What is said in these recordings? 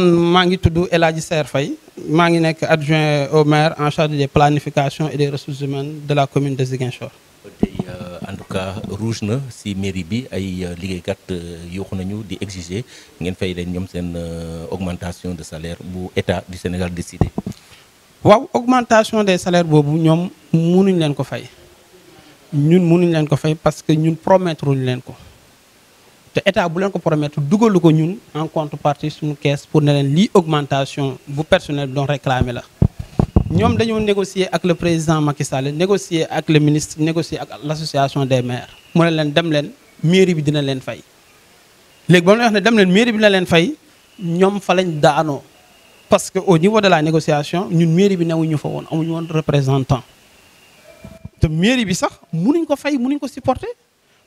man suis tuddu adjoint au maire en charge des planifications et des ressources humaines de la commune de Ziguinchor. Euh, en tout cas rouge na si mairie bi ay euh, liggéeykat euh, yuuxu nañu di exiger ngeen fay une augmentation de salaire bu état du Sénégal décidé. waaw augmentation des salaires c'est ñom mënuñ len ko fay ñun mënuñ len ko fay parce que ñun promettre ñu ko. L'État état bu leen ko promettre dugalu ko ñun en contrepartie nos caisse pour ne l'augmentation augmentation bu personnel dont réclame réclamer la. ñoom dañoo négocier ak le président Macky Sall négocier ak le ministre négocier avec l'association des maires mu ne dit dem leen mairie bi dina faire. fay. léegi ba mu wax ne dem mairie bi dina leen fay ñoom fa lañ parce que au niveau de la négociation ñun mairie bi newuñu fa avons amuñu woon représentant te mairie bi sax mënuñ ko fay mënuñ ko supporter.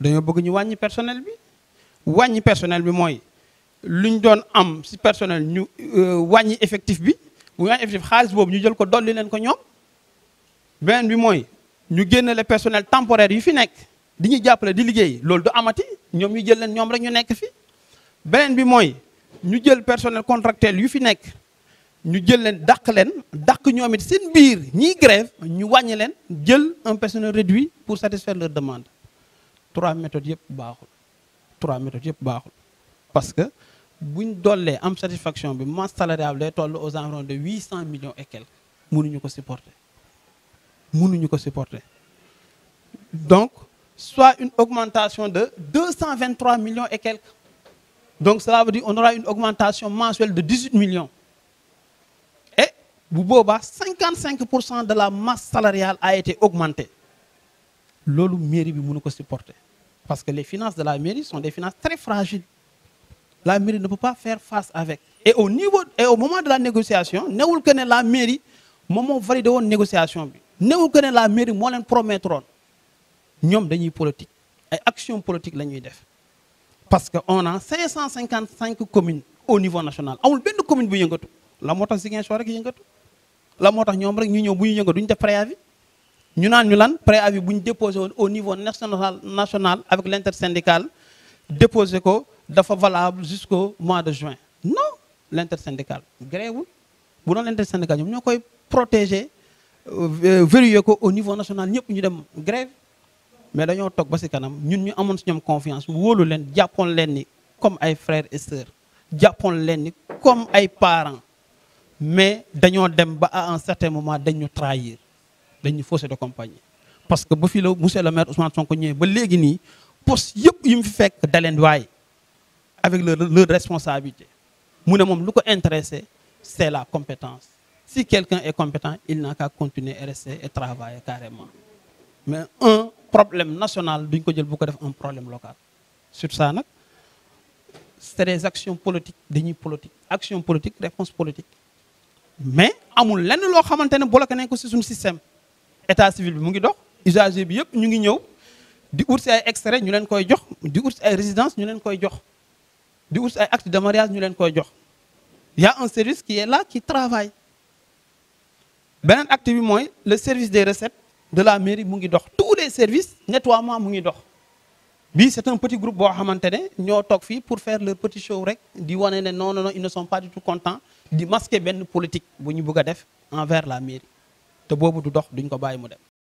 dañoo bëgg ñu wàññi personnel bi wàññi personnel bi mooy luñ doon am si personnel ñu euh, wàññi effectif bi bu ñu effectif xaalis boobu ñu jël ko dolli leen ko ñoom beneen bi mooy ñu génnale personnel temporaire yu fi nekk di ñu jàppale di liggéey loolu du amati ñoom ñu jël leen ñoom rek ñu nekk fi beneen bi mooy ñu jël personnel contractuel yu fi nekk ñu jël leen dàq leen dàq ñoom it seen biir ñiy grève ñu wàññi leen jël un personnel réduit pour satisfaire leur demande trois méthodes de baaxul trois méthodes de baaxul parce que buñ donne am satisfaction bi masse salariale est toll aux environs de 800 millions et quelques mënuñu ko supporter mënuñu ko supporter donc soit une augmentation de 223 millions et quelques donc cela veut dire on aura une augmentation mensuelle de 18 millions et bu 55% de la masse salariale a été augmentée ce mairie bi ko supporter parce que les finances de la mairie sont des finances très fragiles. La mairie ne peut pas faire face avec. Et au, niveau, et au moment de la négociation, nous connaissons la mairie, moment validé la négociation. Nous connaissons la mairie, nous promettrons. Nous sommes politiques. Et action politique, nous Parce qu'on a 555 communes au niveau national. Nous avons une commune qui est La moto, c'est un choix qui est La moto, c'est avons une commune qui est nous avons ñu préavis déposé au niveau national national avec l'intersyndicale déposé ko dafa valable jusqu'au mois de juin non l'intersyndicale grève bu doon l'intersyndicale nous ñoo protéger euh, euh, verrouiller ko au niveau national nous ñu dem grève mais nous avons ba ci kanam ñun ñu confiance Nous leen jàppoon leen ni comme ay frères et sœurs Japon leen comme ay parents mais dem à un certain moment dañu trahir il faussé de compagnie parce que si fi avez monsieur le maire Ousmane Sonko ñëwee ba légui ni poste yëpp yim fi fekk avec leur responsabilité Ce qui moom c'est la compétence si quelqu'un est compétent il n'a qu'à continuer à rester et travailler carrément mais un problème national duñ ko jël bu un problème local sur ça c'est des actions politiques dañuy politique action politique réponse politique mais amul lenn loo xamante la bloqué nañ ko ci sun système état civil bi mu ngi dox usager bi yëpp ñu ngi ñëw di ut ay extrait ñu leen koy jox di ut ay résidence ñu leen koy jox di ut ay acte de mariage ñu leen koy jox y a un service qui est là qui travaille beneen acte bi mooy le service des recettes de la mairie mu ngi dox tous les services nettoiement mu ngi dox bii c'est un petit groupe boo xamante ne ñoo toog fii pour faire leur petit show rek di wane ne non non ils ne sont pas du tout contents di masquer benn politique bu ñu bëgg a def envers la mairie te boobu du dox duñ ko bàyyi mu de